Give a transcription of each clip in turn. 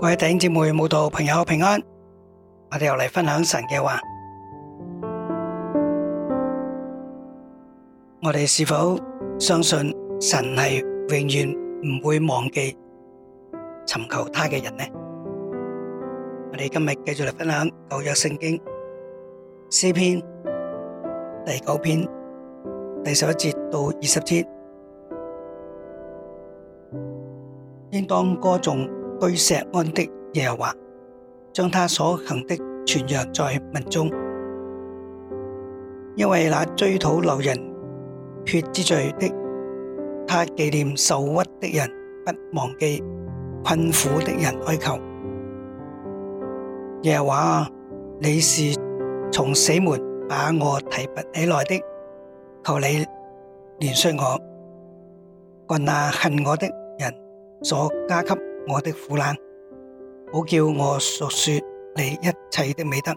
各位弟兄姐妹、慕道朋友平安，我哋又嚟分享神嘅話。我哋是否相信神係永遠唔會忘記尋求他嘅人呢？我哋今日繼續嚟分享舊約聖經詩篇第九篇第十一節到二十節，應當歌頌。居錫安的耶和華，將他所行的傳揚在民中，因為那追討流人血之罪的，他記念受屈的人，不忘記困苦的人哀求。耶和華啊，你是從死門把我提拔起來的，求你憐恤我，按那恨我的人所加給，我的苦難，好叫我述說你一切的美德。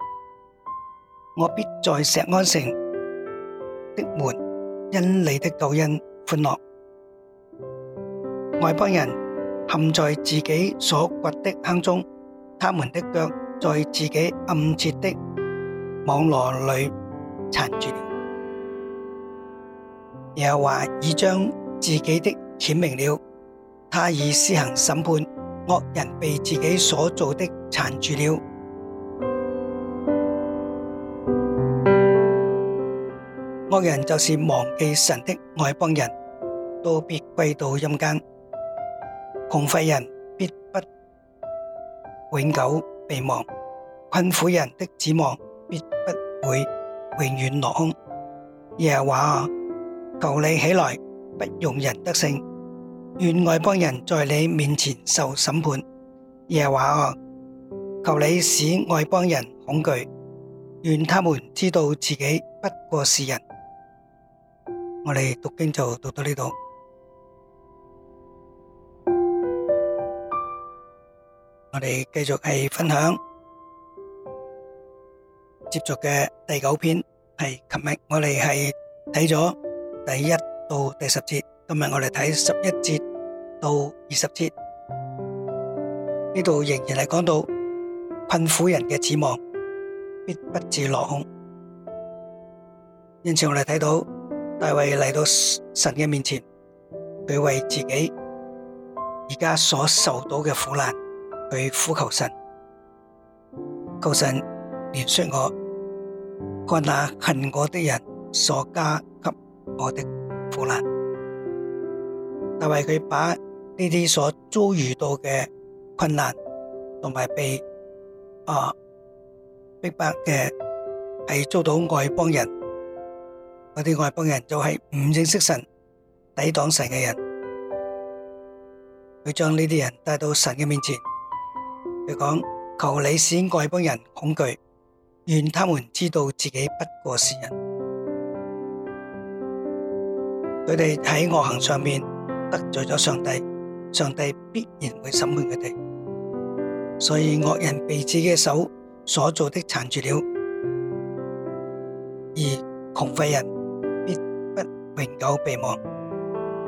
我必在錫安城的門因你的導因歡樂。外邦人陷在自己所掘的坑中，他們的腳在自己暗設的網羅裏殘住了。耶華已將自己的顯明了，他已施行審判。惡人被自己所做的纏住了。惡人就是忘記神的外邦人，都必歸到陰間，窮乏人必不永久被忘，困苦人的指望必不會永遠落空。耶和華啊，求你起來，不容人得勝。願外邦人在你面前受審判。耶和華啊，求你使外邦人恐懼，願他們知道自己不過是人。我哋讀經就讀到呢度，我哋繼續係分享，接續嘅第九篇係琴日我哋係睇咗第一到第十節。今日我哋睇十一節到二十節，呢度仍然係講到困苦人嘅指望必不至落空。因此我哋睇到大衛嚟到神嘅面前，佢為自己而家所受到嘅苦難，佢呼求神，求神憐恤我，看那恨我的人所加給我的苦難。就為佢把呢啲所遭遇到嘅困難同埋被、啊、逼迫嘅，係遭到外邦人，嗰啲外邦人就係唔認識神、抵擋神嘅人，佢將呢啲人帶到神嘅面前，佢講，求你使外邦人恐懼，願他們知道自己不過是人，佢哋喺惡行上面。得罪咗上帝，上帝必然會審判佢哋。所以惡人被自己嘅手所做的纏住了，而窮廢人必不永久被忘，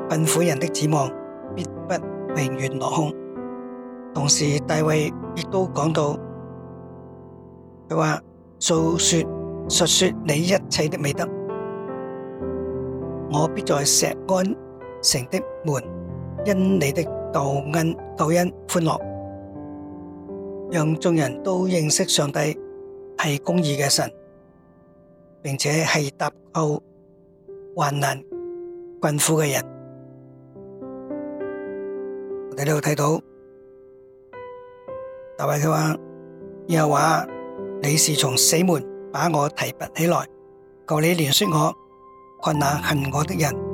困苦人的指望必不永遠落空。同時大衛亦都講到，佢話訴說述說你一切的美德，我必在石安。城的門因你的救恩救恩歡樂，讓眾人都認識上帝係公義嘅神，並且係搭救患難困苦嘅人。我哋都會睇到大衛佢話：，然後話你是從死門把我提拔起來，求你憐恤我，看那恨我的人。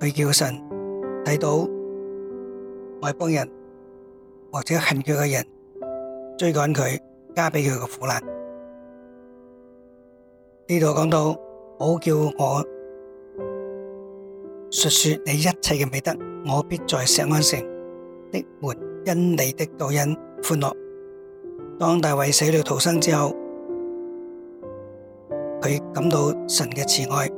佢叫神睇到外邦人或者恨佢嘅人追趕佢加俾佢嘅苦難。呢度講到好叫我述說你一切嘅美德，我必在錫安城的門因你的救恩歡樂。當大衛死裡逃生之後，佢感到神嘅慈愛。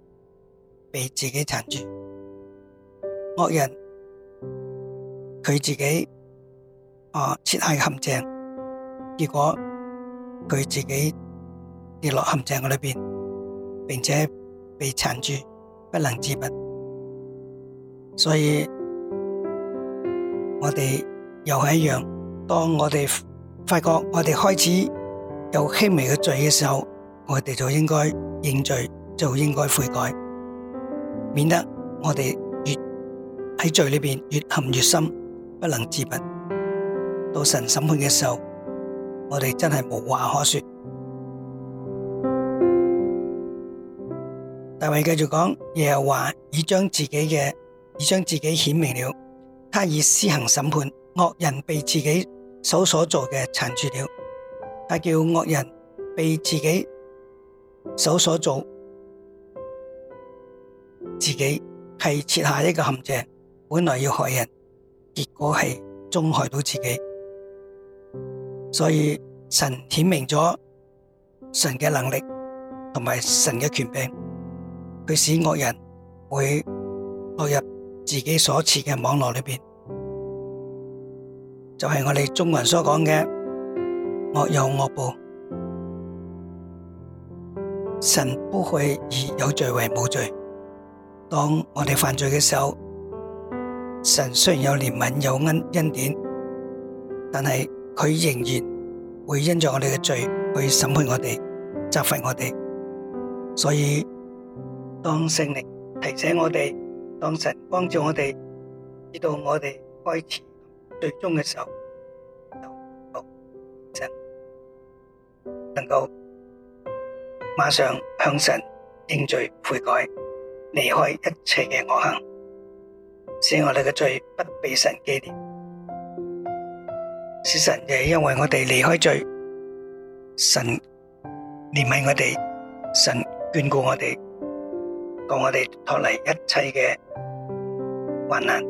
被自己纏住，惡人佢自己啊設下陷阱，結果佢自己跌落陷阱嘅裏邊，並且被纏住，不能自拔。所以我哋又係一樣，當我哋發覺我哋開始有輕微嘅罪嘅時候，我哋就應該認罪，就應該悔改。免得我哋越喺罪裏邊越陷越深，不能自拔。到神審判嘅時候，我哋真係無話可說。大衛繼續講：耶和華已將自己嘅，已將自己顯明了。他已施行審判，惡人被自己手所做嘅纏住了。他叫惡人被自己手所做。自己係設下一個陷阱，本來要害人，結果是終害到自己。所以神顯明咗神嘅能力同埋神嘅權柄，佢使惡人會落入自己所設嘅網絡裏面。就係我哋中文所講嘅惡有惡報。神不會以有罪為無罪。當我哋犯罪嘅時候，神雖然有憐憫有恩恩典，但係佢仍然會因着我哋嘅罪去審判我哋、責罰我哋。所以當聖靈提醒我哋，當神幫助我哋，知道我哋開始最終嘅時候，就能夠馬上向神認罪悔改。離開一切嘅惡行，使我哋嘅罪不被神記念，神就是神嘅。因為我哋離開罪，神憐憫我哋，神眷顧我哋，共我哋脫離一切嘅困難。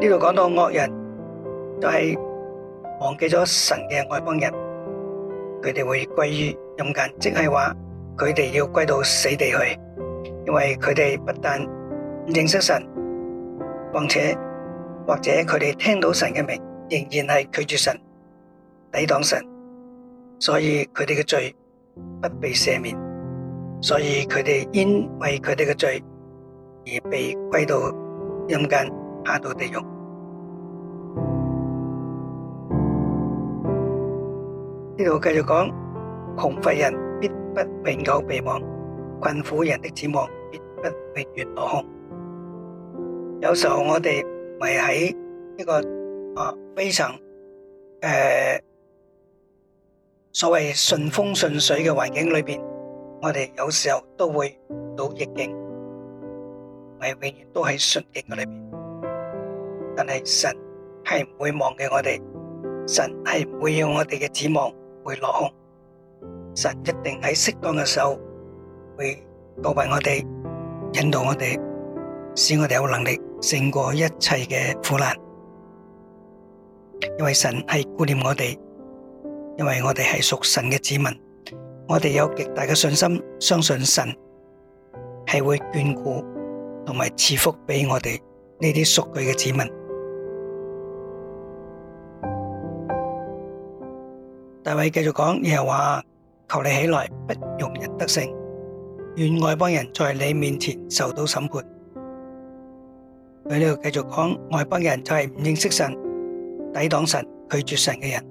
呢度講到惡人，就係忘記咗神嘅外邦人，佢哋會歸於陰間，即係話。佢哋要歸到死地去，因為佢哋不但唔認識神，況且或者佢哋聽到神嘅名，仍然係拒絕神，抵擋神，所以佢哋嘅罪不被赦免，所以佢哋因為佢哋嘅罪而被歸到陰間，下到地獄。呢度繼續講窮乏人。不永久被忘，困苦人的指望，必不永遠落空。有時候我哋咪喺一個啊非常誒、呃、所謂順風順水嘅環境裏邊，我哋有時候都會到逆境，唔係永遠都喺順境嘅裏邊。但係神係唔會忘嘅，是不我哋神係唔會讓我哋嘅指望會落空。神一定喺適當嘅時候會告白我哋，引導我哋，使我哋有能力勝過一切嘅苦難。因為神係顧念我哋，因為我哋係屬神嘅子民，我哋有極大嘅信心，相信神係會眷顧同埋賜福俾我哋呢啲屬佢嘅子民。大衛繼續講嘢話。求你起來，不容人得勝，願外邦人在你面前受到審判。喺呢度繼續講，外邦人就係唔認識神、抵擋神、拒絕神嘅人，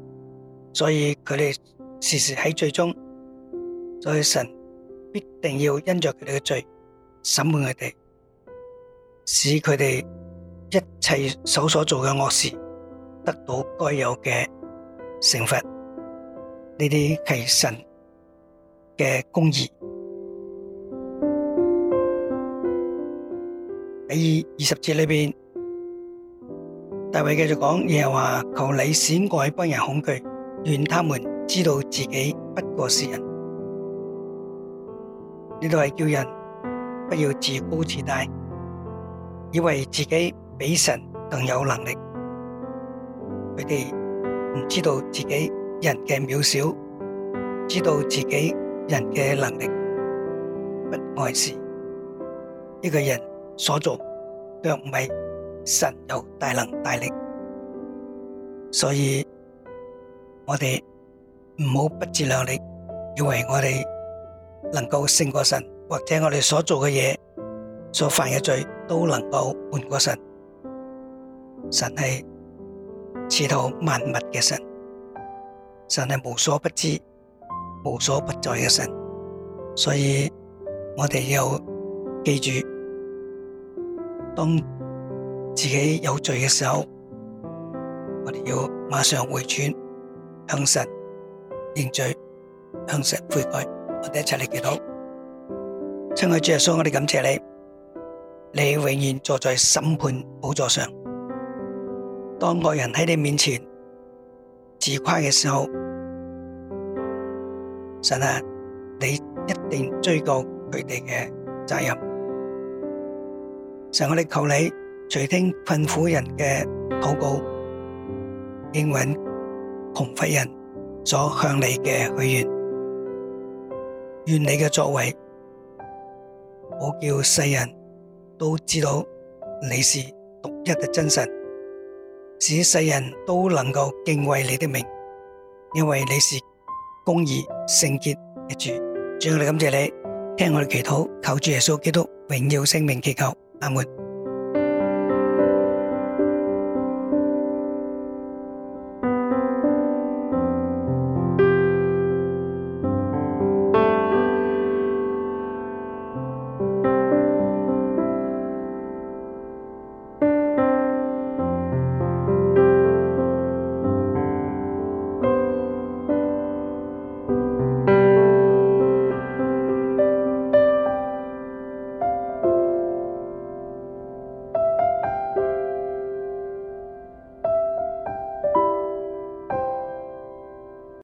所以佢哋時時喺罪中，所以神必定要因着佢哋嘅罪審判佢哋，使佢哋一切手所做嘅惡事得到該有嘅懲罰。呢啲係神。嘅公義喺二十節裏邊，大衛繼續講，又話求你顯愛，幫人恐懼，願他們知道自己不過是人。呢度係叫人不要自高自大，以為自己比神更有能力，佢哋唔知道自己人嘅渺小，知道自己。人嘅能力不外事，一個人所做都唔係神有大能大力，所以我哋唔好不自量力，以為我哋能夠勝過神，或者我哋所做嘅嘢、所犯嘅罪都能夠瞞過神。神係慈待萬物嘅神，神係無所不知。無所不在嘅神，所以我哋要記住，當自己有罪嘅時候，我哋要馬上回轉向神認罪，向神悔改。我哋一齊嚟祈禱，親愛的主耶穌，我哋感謝你，你永遠坐在審判寶座上。當惡人喺你面前自誇嘅時候，神啊，你一定追究佢哋嘅責任。神，我哋求你垂聽困苦人嘅禱告，應允窮乏人所向你嘅許願。願你嘅作為，我叫世人都知道你是獨一嘅真神，使世人都能夠敬畏你的名，因為你是公義。聖潔嘅主，主，我哋感謝你，聽我哋祈禱，求主耶穌基督榮耀聖名，祈求阿門。